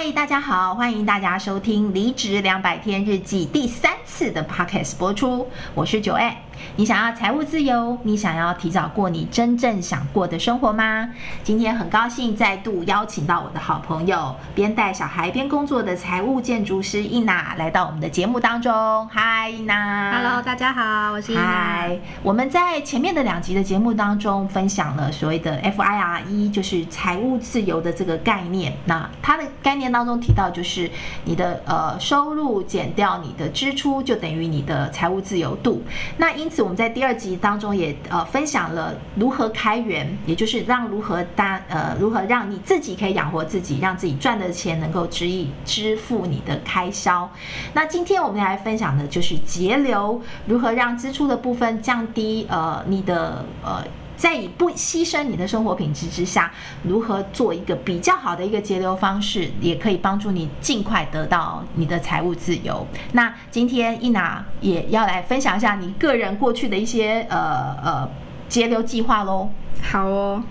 嗨，大家好，歡迎大家收聽《離職兩百天日記》第三次的 Podcast 播出，我是 Joanne。你想要財務自由？你想要提早過你真正想過的生活嗎？今天很高興再度邀請到我的好朋友，邊帶小孩邊工作的財務建築師伊娜來到我們的節目當中。嗨，伊娜。Hello，大家好，我是伊娜。Hi，我們在前面的兩集的節目當中分享了所謂的 FIRE，就是財務自由的這個概念。那它的概念當中提到，就是你的呃收入減掉你的支出，就等於你的財務自由度。那因因此，我們在第二集當中也呃分享了如何開源，也就是讓如何搭呃如何讓你自己可以養活自己，讓自己賺的錢能夠足以支付你的開銷。那今天我們來分享的就是節流，如何讓支出的部分降低呃你的呃。在以不犧牲你的生活品質之下，如何做一個比較好的一個節流方式，也可以幫助你盡快得到你的財務自由。那今天伊娜也要來分享一下你個人過去的一些呃呃節流計劃咯。好哦，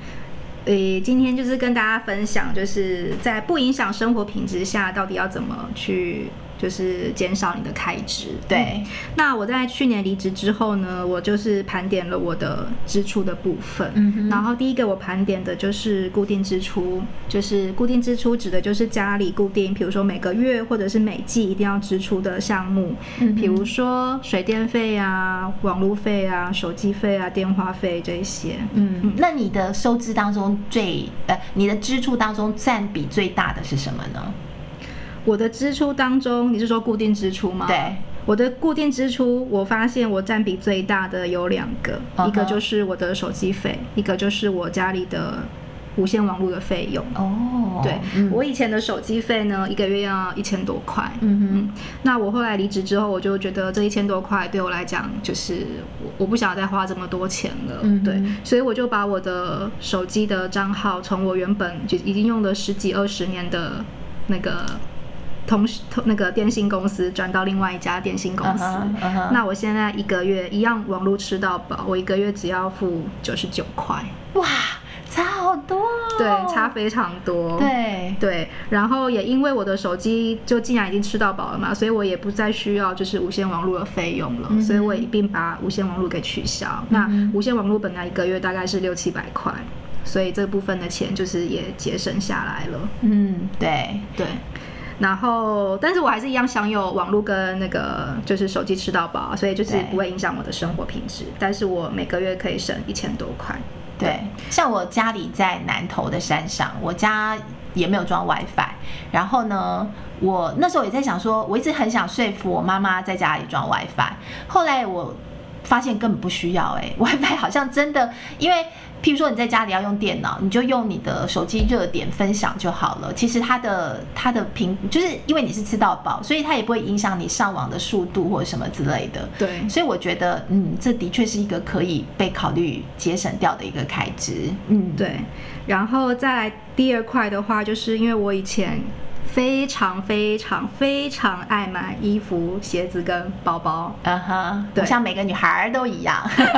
誒，呃，今天就是跟大家分享，就是在不影響生活品質下，到底要怎麼去。就是減少你的開支。對，嗯、那我在去年離職之後呢，我就是盤點了我的支出的部分。嗯哼然後第一個我盤點的就是固定支出，就是固定支出指的就是家裡固定，比如說每個月或者是每季一定要支出的項目，嗯哼，比如說水電費啊、網路費啊、手機費啊、電話費這些。嗯、嗯，那你的收支當中最呃，你的支出當中佔比最大的是什麼呢？我的支出當中，你是說固定支出嗎？對，我的固定支出，我發現我占比最大的有兩個，uh huh. 一個就是我的手機費，一個就是我家裡的無線網絡的費用。哦，oh, 對，嗯、我以前的手機費呢，一個月要一千多塊。嗯哼嗯，那我後來離職之後，我就覺得這一千多塊對我來講，就是我不想再花這麼多錢了。嗯、哼對，所以我就把我的手機的賬號從我原本就已經用了十幾二十年的那個。同那個電信公司轉到另外一家電信公司，uh huh, uh huh. 那我現在一個月一樣網絡吃到飽，我一個月只要付九十九塊。哇，差好多哦！對，差非常多。對對，然後也因為我的手機就既然已經吃到飽了嘛，所以我也不再需要就是無線網絡的費用了，嗯、哼所以我一併把無線網絡給取消。嗯、哼那無線網絡本來一個月大概是六七百塊，所以這部分的錢就是也節省下來了。嗯，對對。對然後，但是我還是一樣享有網絡跟那個就是手機吃到飽，所以就是不會影響我的生活品質。對。但是我每個月可以省一千多塊。對，對，像我家裡在南投的山上，我家也沒有裝 WiFi，然後呢，我那時候也在想說，我一直很想說服我媽媽在家裡裝 WiFi，後來我。發現根本不需要誒，WiFi 好像，真的，因為譬如說你在家裡要用電腦，你就用你的手機熱點分享就好了。其實它的它的屏就是因為你是吃到飽，所以它也不會影響你上網的速度或什麼之類的。對，所以我覺得嗯，這的確是一個可以被考慮節省掉的一個開支。嗯，對。然後再來第二塊的話，就是因為我以前。非常非常非常愛買衣服、鞋子跟包包，嗯哼、uh，huh, 對，我像每個女孩兒都一樣。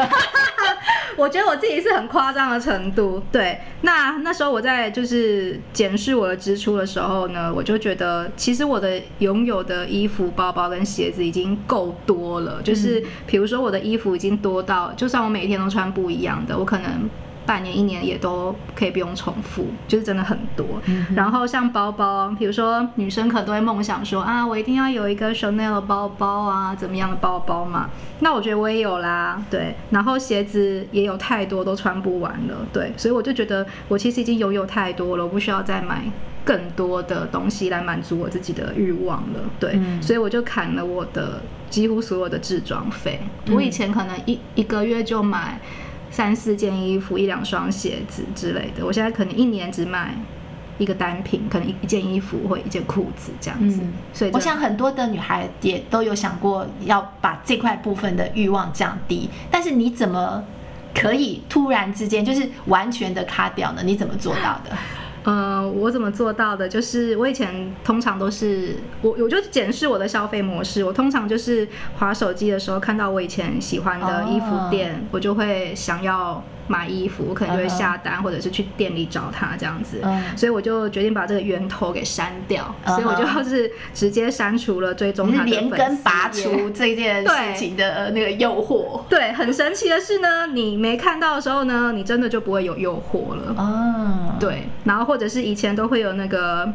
我覺得我自己是很誇張的程度。對，那那時候我在就是檢視我的支出的時候呢，我就覺得其實我的擁有的衣服、包包跟鞋子已經夠多了。就是比如說我的衣服已經多到，嗯、就算我每天都穿不一樣的，我可能。半年一年也都可以不用重複，就是真的很多。嗯、哼然後像包包，比如說女生可能都會夢想說啊，我一定要有一個 Chanel 包包啊，怎麼樣的包包嘛。那我覺得我也有啦，對。然後鞋子也有太多，都穿不完了，對。所以我就覺得我其實已經擁有太多了，我不需要再買更多的東西來滿足我自己的慾望了，對。嗯、所以我就砍了我的幾乎所有的置裝費。嗯、我以前可能一一個月就買。三四件衣服、一兩雙鞋子之類的，我現在可能一年只買一個單品，可能一一件衣服或一件褲子這樣子。嗯、所以，我想很多的女孩也都有想過要把這塊部分的欲望降低，但是你怎麼可以突然之間就是完全的卡掉呢？你怎麼做到的？ 呃、嗯，我怎麼做到的？就是我以前通常都是我，我就檢視我的消費模式。我通常就是滑手機的時候看到我以前喜歡的衣服店，Oh. 我就會想要。買衣服，我可能就會下單，uh huh. 或者是去店裡找他這樣子，uh huh. 所以我就決定把這個源頭給刪掉，uh huh. 所以我就是直接刪除了追蹤他的粉絲，連根拔除這件事情的那個誘惑對。對，很神奇的是呢，你沒看到的時候呢，你真的就不會有誘惑了。啊，uh huh. 對，然後或者是以前都會有那個。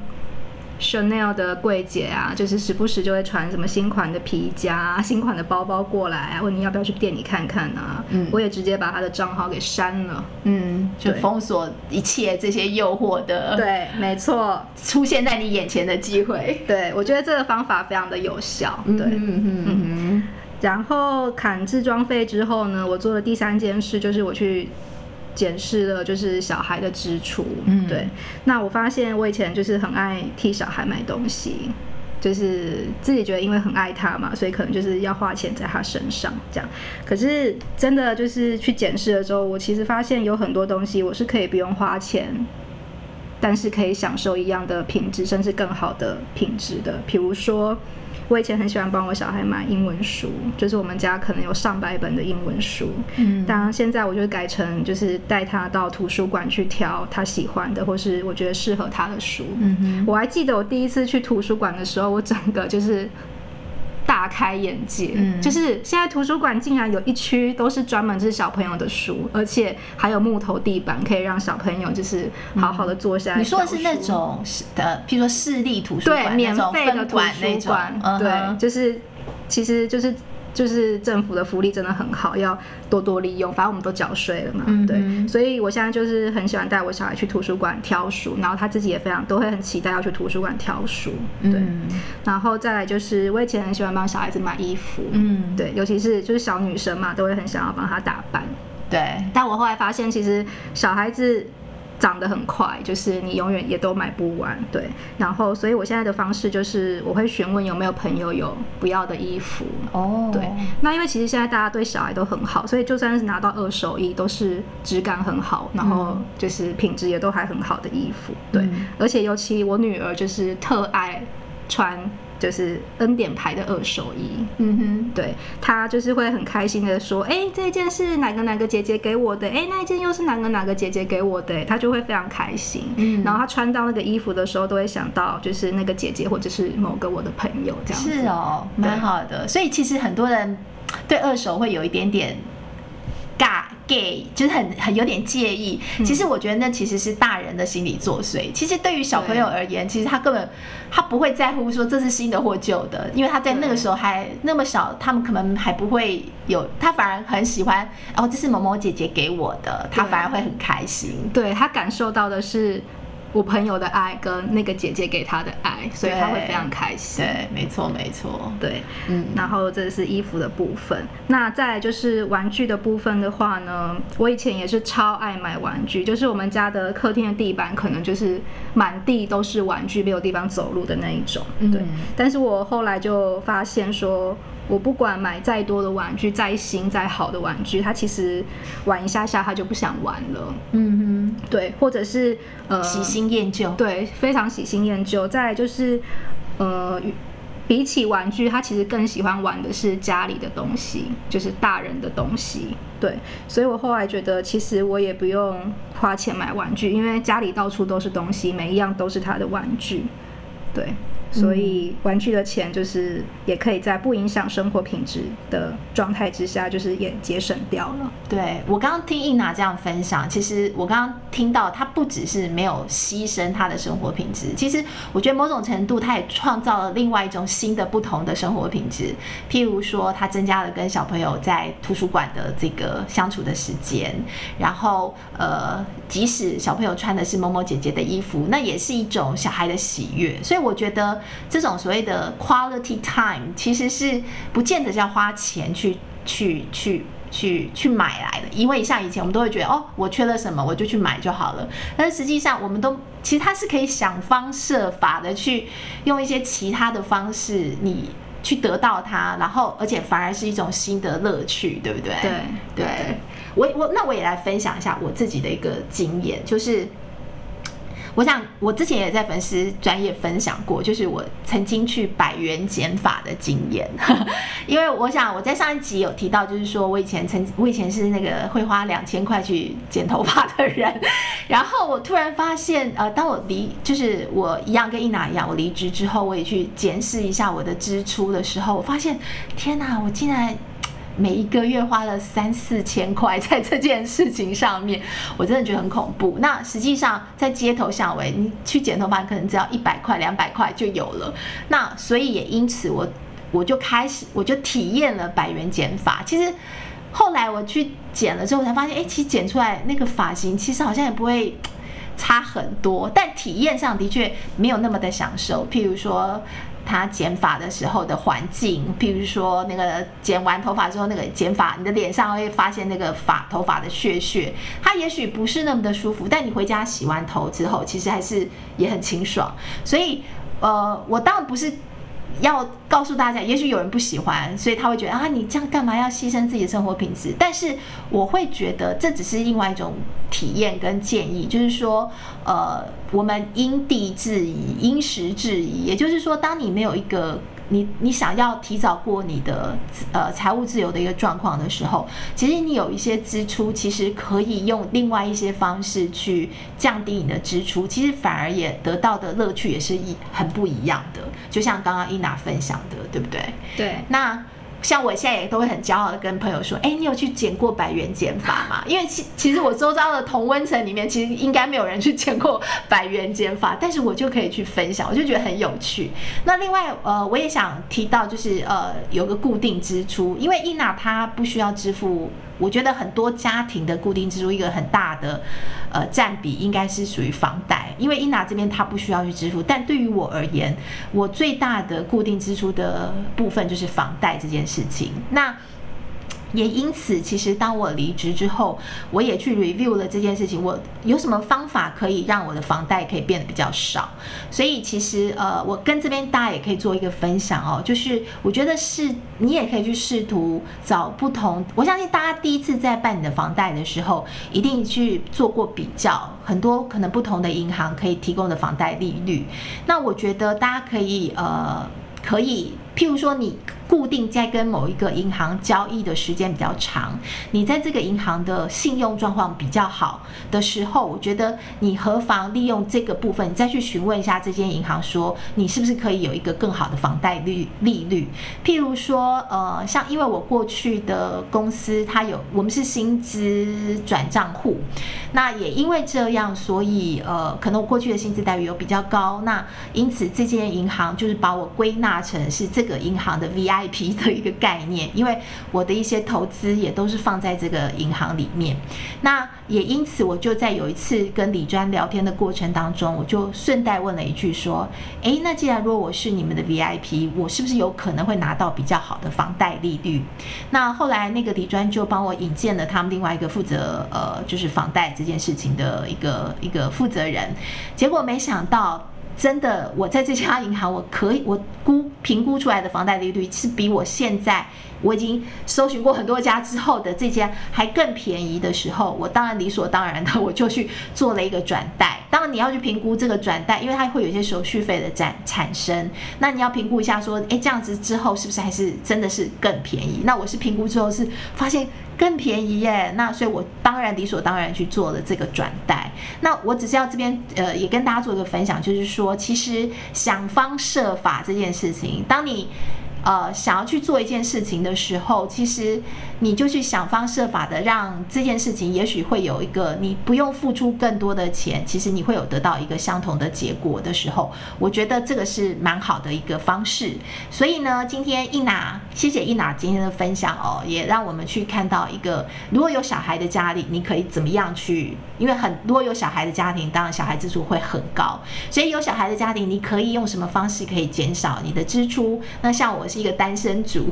Chanel 的櫃姐啊，就是時不時就會傳什麼新款的皮夾、啊、新款的包包過來啊，問你要不要去店裡看看啊。嗯、我也直接把他的賬號給刪了，嗯，就對封鎖一切這些誘惑的。對，沒錯，出現在你眼前的機會。 對，我覺得這個方法非常的有效。 對，嗯哼，嗯嗯嗯，然後砍治裝費之後呢，我做的第三件事，就是我去。檢視了就是小孩的支出，嗯，對。那我發現我以前就是很愛替小孩買東西，就是自己覺得因為很愛他嘛，所以可能就是要花錢在他身上這樣。可是真的就是去檢視的時候，我其實發現有很多東西我是可以不用花錢，但是可以享受一樣的品質，甚至更好的品質的，比如說。我以前很喜歡幫我小孩買英文書，就是我們家可能有上百本的英文書。嗯，當然現在我就改成就是帶他到圖書館去挑他喜歡的或是我覺得適合他的書。嗯哼，我還記得我第一次去圖書館的時候，我整個就是。大開眼界，嗯、就是現在圖書館竟然有一區都是專門是小朋友的書，而且還有木頭地板，可以讓小朋友就是好好的坐下來，嗯。你說的是那種，是的，比如說市立圖書館，對，免費的圖書館，嗯、對，就是，其實就是。就是政府的福利真的很好，要多多利用。反正我們都繳稅了嘛，嗯嗯，對。所以我現在就是很喜歡帶我小孩去圖書館挑書，然後他自己也非常都會很期待要去圖書館挑書，對。嗯。然後再來就是我以前很喜歡幫小孩子買衣服，嗯，對，尤其是就是小女生嘛，都會很想要幫他打扮，對。但我後來發現其實小孩子。長得很快，就是你永遠也都買不完，對。然後，所以我現在的方式就是，我會詢問有沒有朋友有不要的衣服，哦，oh. 對。那因為其實現在大家對小孩都很好，所以就算是拿到二手衣，都是質感很好，然後就是品質也都還很好的衣服，嗯、對。而且尤其我女兒就是特愛穿。就是恩典牌的二手衣，嗯哼，對，他就是會很開心的說，哎、欸，這一件是哪個哪個姐姐給我的，哎、欸，那一件又是哪個哪個姐姐給我的，他就會非常開心。嗯，然後他穿到那個衣服的時候，都會想到就是那個姐姐或者是某個我的朋友這樣子，是哦，對蠻好的。所以其實很多人對二手會有一點點。給，Gay, 就是很很有點介意，其實我覺得那其實是大人的心理作祟。嗯、其實對於小朋友而言，對其實他根本他不會在乎說這是新的或舊的，因為他在那個時候還對那麼小，他們可能還不會有，他反而很喜歡。哦，這是某某姐姐給我的，他反而會很開心。對，對他感受到的是。我朋友的愛跟那個姐姐給他的愛，所以他會非常開心。對，對，沒錯，沒錯，對，嗯。然後這是衣服的部分，嗯、那再來就是玩具的部分的話呢，我以前也是超愛買玩具，就是我們家的客廳的地板可能就是滿地都是玩具，沒有地方走路的那一種。對，嗯、但是我後來就發現說。我不管買再多的玩具，再新再好的玩具，他其實玩一下下他就不想玩了。嗯哼，對，或者是呃，喜新厭舊，對，非常喜新厭舊。再來就是呃，比起玩具，他其實更喜歡玩的是家裡的東西，就是大人的東西。對，所以我後來覺得，其實我也不用花錢買玩具，因為家裡到處都是東西，每一樣都是他的玩具。對。所以玩具的錢就是也可以在不影響生活品質的狀態之下，就是也節省掉了。嗯、對，我剛剛聽 Ina 這樣分享，其實我剛剛聽到他不只是沒有犧牲他的生活品質，其實我覺得某種程度他也創造了另外一種新的不同的生活品質。譬如說，他增加了跟小朋友在圖書館的這個相處的時間，然後呃，即使小朋友穿的是某某姐姐的衣服，那也是一種小孩的喜悅。所以我覺得。這種所謂的 quality time，其實是不見得是要花錢去去去去去買來的，因為像以前我們都會覺得，哦，我缺了什麼，我就去買就好了。但是實際上，我們都其實它是可以想方設法的去用一些其他的方式，你去得到它，然後而且反而是一種新的樂趣，對不對？對，對，我我那我也來分享一下我自己的一個經驗，就是。我想，我之前也在粉絲專業分享過，就是我曾經去百元剪髮的經驗。 因為我想，我在上一集有提到，就是說我以前曾，我以前是那個會花兩千塊去剪頭髮的人。 然後我突然發現，呃，當我離，就是我一樣跟 Ina 一樣，我離職之後，我也去檢視一下我的支出的時候，我發現，天哪，我竟然。每一個月花了三四千塊在這件事情上面，我真的覺得很恐怖。那實際上在街頭巷尾，你去剪頭髮可能只要一百塊、兩百塊就有了。那所以也因此，我我就開始我就體驗了百元剪髮。其實後來我去剪了之後，才發現，哎，其實剪出來那個髮型其實好像也不會差很多，但體驗上的確沒有那麼的享受。譬如說。它剪髮的時候的環境，譬如說那個剪完頭髮之後，那個剪髮，你的臉上會發現那個髮頭髮的屑屑，它也許不是那麼的舒服，但你回家洗完頭之後，其實還是也很清爽。所以，呃，我倒不是。要告訴大家，也許有人不喜歡，所以他會覺得啊，你這樣幹嘛要犧牲自己的生活品質？但是我會覺得這只是另外一種體驗跟建議，就是說，呃，我們因地制宜，因時制宜，也就是說，當你沒有一個。你你想要提早過你的呃財務自由的一個狀況的時候，其實你有一些支出，其實可以用另外一些方式去降低你的支出，其實反而也得到的樂趣也是一很不一樣的，就像剛剛 Ina 分享的，對不對？對，那。像我現在也都會很驕傲地跟朋友說，哎、欸,你有去剪過百元剪髮嗎？因為其其實我周遭的同溫層裡面，其實應該沒有人去剪過百元剪髮，但是我就可以去分享，我就覺得很有趣。那另外，呃，我也想提到，就是呃，有個固定支出，因為伊、e、娜她不需要支付。我覺得很多家庭的固定支出一個很大的，呃，佔比應該是屬於房貸，因為英娜這邊她不需要去支付，但對於我而言，我最大的固定支出的部分就是房貸這件事情。那。也因此，其實當我離職之後，我也去 review 了這件事情。我有什麼方法可以讓我的房貸可以變得比較少？所以其實，呃，我跟這邊大家也可以做一個分享哦，就是我覺得是，你也可以去試圖找不同。我相信大家第一次在辦你的房貸的時候，一定去做過比較，很多可能不同的銀行可以提供的房貸利率。那我覺得大家可以，呃，可以。譬如說，你固定在跟某一個銀行交易的時間比較長，你在這個銀行的信用狀況比較好的時候，我覺得你何妨利用這個部分，再去詢問一下這間銀行，說你是不是可以有一個更好的房貸利率。譬如說，呃，像因為我過去的公司它有，我們是薪資轉賬戶，那也因為這樣，所以呃，可能我過去的薪資待遇又比較高，那因此這間銀行就是把我歸納成是這個。這個銀行的 VIP 的一個概念，因為我的一些投資也都是放在這個銀行裡面，那也因此我就在有一次跟理專聊天的過程當中，我就順帶問了一句說：“哎，那既然如果我是你們的 VIP，我是不是有可能會拿到比較好的房貸利率？”那後來那個理專就幫我引薦了他們另外一個負責呃就是房貸這件事情的一個一個負責人，結果沒想到。真的，我在這家銀行，我可以我估評估出來的房貸利率是比我現在我已經搜尋過很多家之後的這家還更便宜的時候，我當然理所當然的我就去做了一個轉貸。當然你要去評估這個轉貸，因為它會有一些手續費的產產生。那你要評估一下，說，誒，這樣子之後是不是還是真的是更便宜？那我是評估之後是發現更便宜耶。那所以，我當然理所當然去做了這個轉貸。那我只是要這邊呃，也跟大家做一個分享，就是說，其實想方設法這件事情，當你。呃，想要去做一件事情的時候，其實你就去想方設法的讓這件事情，也許會有一個你不用付出更多的錢，其實你會有得到一個相同的結果的時候，我覺得這個是蠻好的一個方式。所以呢，今天 Ina，謝謝 Ina 今天的分享哦，也讓我們去看到一個，如果有小孩的家庭，你可以怎麼樣去，因為很多有小孩的家庭，當然小孩支出會很高，所以有小孩的家庭，你可以用什麼方式可以減少你的支出？那像我。是一個單身族，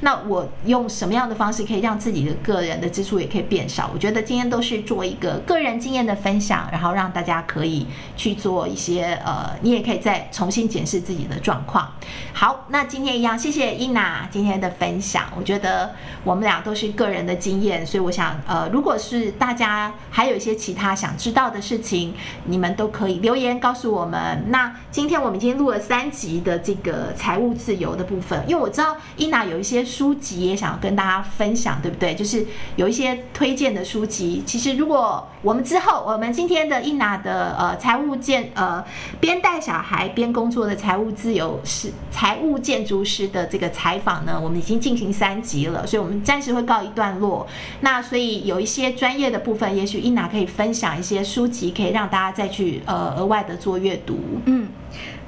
那我用什麼樣的方式可以讓自己的個人的支出也可以變少？我覺得今天都是做一個個人經驗的分享，然後讓大家可以去做一些呃，你也可以再重新檢視自己的狀況。好，那今天一樣，謝謝 Ina 今天的分享。我覺得我們倆都是個人的經驗，所以我想呃，如果是大家還有一些其他想知道的事情，你們都可以留言告訴我們。那今天我們已經錄了三集的這個財務自由的部分。因為我知道 Ina 有一些書籍也想跟大家分享，對不對？就是有一些推薦的書籍。其實如果我們之後，我們今天的 Ina 的呃財務建呃邊帶小孩邊工作的財務自由是財務建築師的這個採訪呢，我們已經進行三集了，所以我們暫時會告一段落。那所以有一些專業的部分，也許 Ina 可以分享一些書籍，可以讓大家再去呃額外的做閱讀。嗯。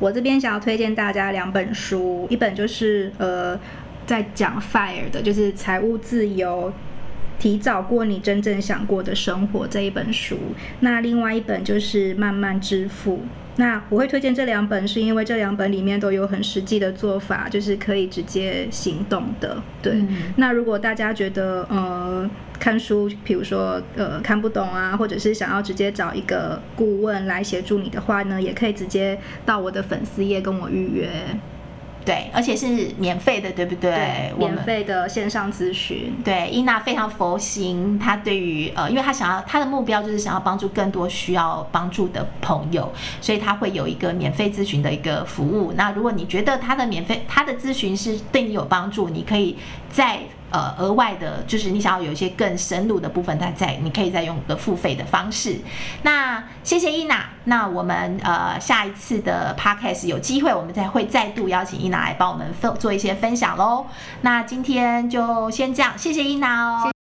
我這邊想要推薦大家兩本書，一本就是呃，在講 FIRE 的，就是財務自由，提早過你真正想過的生活這一本書。那另外一本就是慢慢致富。那我會推薦這兩本，是因為這兩本裡面都有很實際的做法，就是可以直接行動的。對，嗯嗯，那如果大家覺得呃看書，比如說呃看不懂啊，或者是想要直接找一個顧問來協助你的話呢，也可以直接到我的粉絲頁跟我預約。對，而且是免費的，對不對？對，我們，免費的線上諮詢。對，伊娜非常佛心，她對於呃，因為她想要，她的目標就是想要幫助更多需要幫助的朋友，所以她會有一個免費諮詢的一個服務。那如果你覺得她的免費，她的諮詢是對你有幫助，你可以在。呃，額外的，就是你想要有一些更深入的部分，它，在你可以再用的付費的方式。那謝謝伊娜，那我們呃下一次的 podcast 有機會，我們再會再度邀請伊娜來幫我們分做一些分享嘍。那今天就先這樣，謝謝伊娜哦。謝謝。